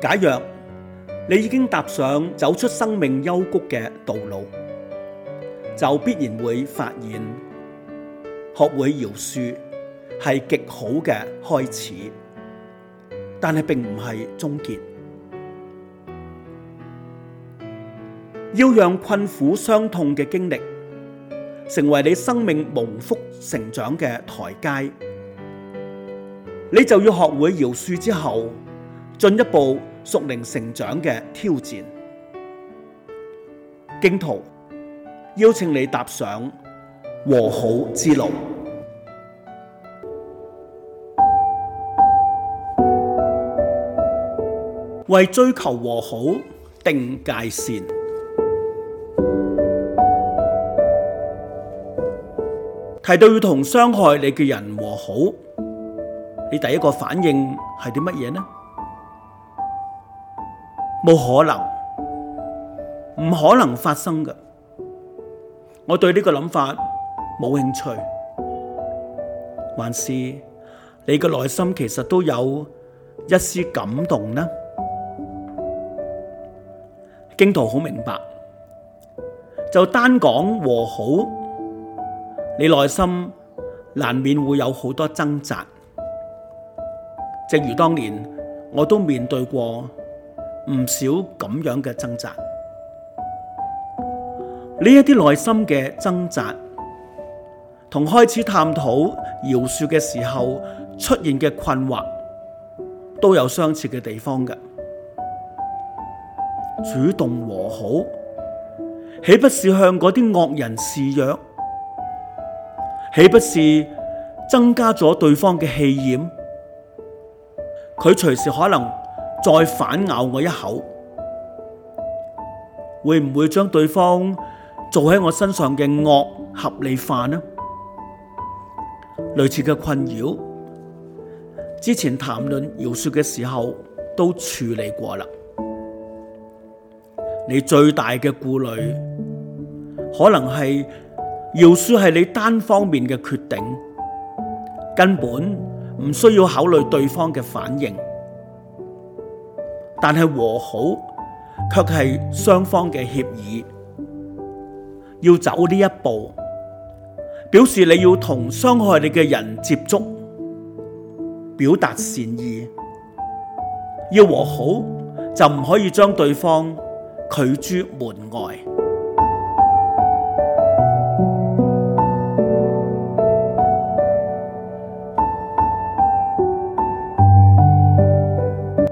假若你已經踏上走出生命幽谷嘅道路，就必然會發現學會饒恕係極好嘅開始，但係並唔係終結。要讓困苦傷痛嘅經歷成為你生命蒙福成長嘅台階，你就要學會饒恕之後進一步。熟齡成長嘅挑戰，荊徒邀請你踏上和好之路，為追求和好定界線。提到要同傷害你嘅人和好，你第一個反應係啲乜嘢呢？冇可能，唔可能發生嘅。我對呢個諗法冇興趣，還是，你個內心其實都有一絲感動呢？荊徒好明白，就單講和好，你內心難免會有好多掙扎，正如當年我都面對過。唔少咁樣嘅掙扎，呢一啲內心嘅掙扎同開始探討饒恕嘅時候出現嘅困惑，都有相似嘅地方嘅。主動和好，豈不是向嗰啲惡人示弱？豈不是增加咗對方嘅氣焰？佢隨時可能。再反咬我一口，會唔會將對方做喺我身上嘅惡合理化呢？類似嘅困擾，之前談論饒恕嘅時候都處理過啦。你最大嘅顧慮，可能係饒恕係你單方面嘅決定，根本唔需要考慮對方嘅反應。但係和好，卻係雙方嘅協議，要走呢一步，表示你要同傷害你嘅人接觸，表達善意。要和好，就唔可以將對方拒諸門外。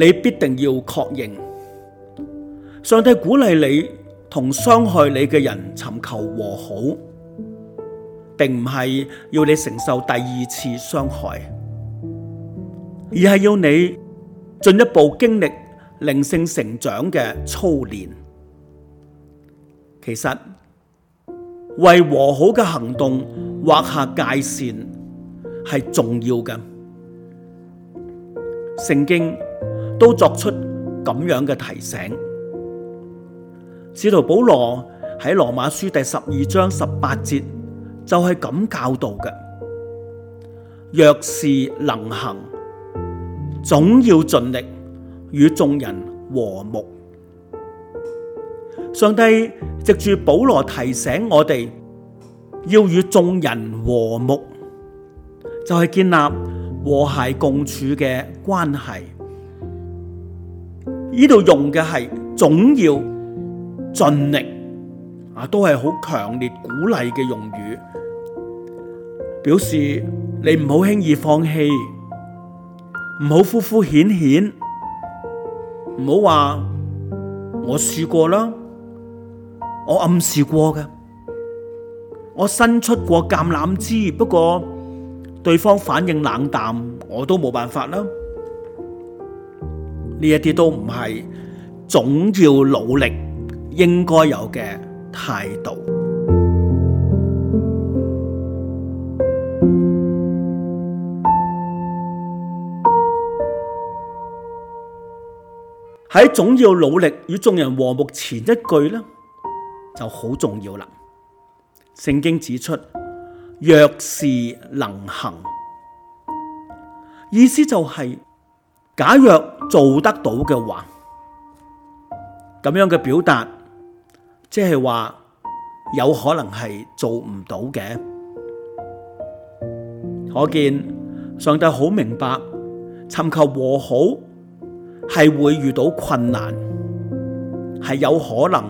你必定要確認，上帝鼓勵你同傷害你嘅人尋求和好，並唔係要你承受第二次傷害，而係要你進一步經歷靈性成長嘅操練。其實，為和好嘅行動劃下界線係重要嘅。聖經，都作出咁樣嘅提醒。使徒保羅喺羅馬書第十二章十八節就係咁教導嘅：「若是能行，總要盡力與眾人和睦。上帝藉住保羅提醒我哋要與眾人和睦，就係建立和諧共處嘅關係。呢度用嘅係總要盡力啊，都係好強烈鼓勵嘅用語，表示你唔好輕易放棄，唔好敷敷衍衍，唔好話我試過啦，我暗示過嘅，我伸出過橄欖枝，不過對方反應冷淡，我都冇辦法啦。呢一啲都唔係總要努力應該有嘅態度，喺總要努力與眾人和睦前一句呢，就好重要啦。聖經指出，若是能行，意思就係、是。假若做得到嘅話，咁樣嘅表達，即係話有可能係做唔到嘅。可見上帝好明白，尋求和好係會遇到困難，係有可能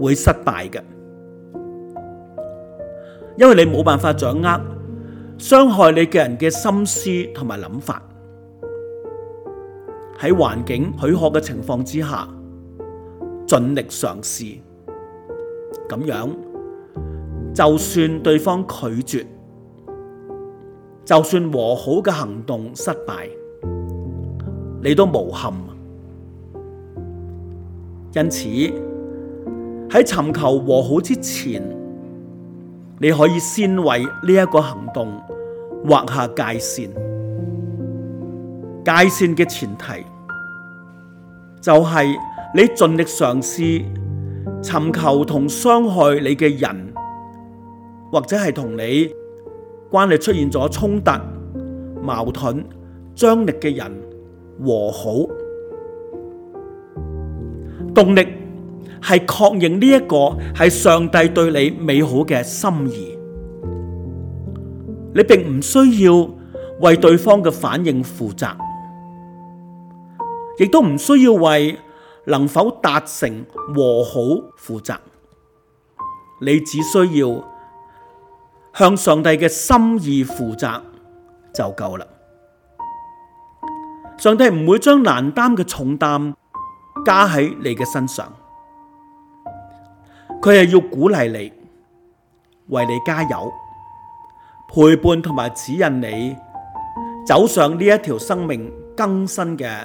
會失敗的，因為失敗嘅，因為你冇辦法掌握傷害你嘅人嘅心思同埋諗法。喺環境許可嘅情況之下，盡力嘗試。咁樣，就算對方拒絕，就算和好嘅行動失敗，你都無憾。因此，喺尋求和好之前，你可以先為呢一個行動劃下界線。界線嘅前提就係你盡力嘗試尋求同傷害你嘅人，或者係同你關係出現咗衝突、矛盾、張力嘅人和好。動力係確認呢一個係上帝對你美好嘅心意，你並唔需要為對方嘅反應負責。亦都唔需要為能否達成和好負責，你只需要向上帝嘅心意負責就夠了。上帝唔會將難擔嘅重擔加喺你嘅身上，佢係要鼓勵你，為你加油，陪伴同埋指引你走上呢一條生命更新嘅。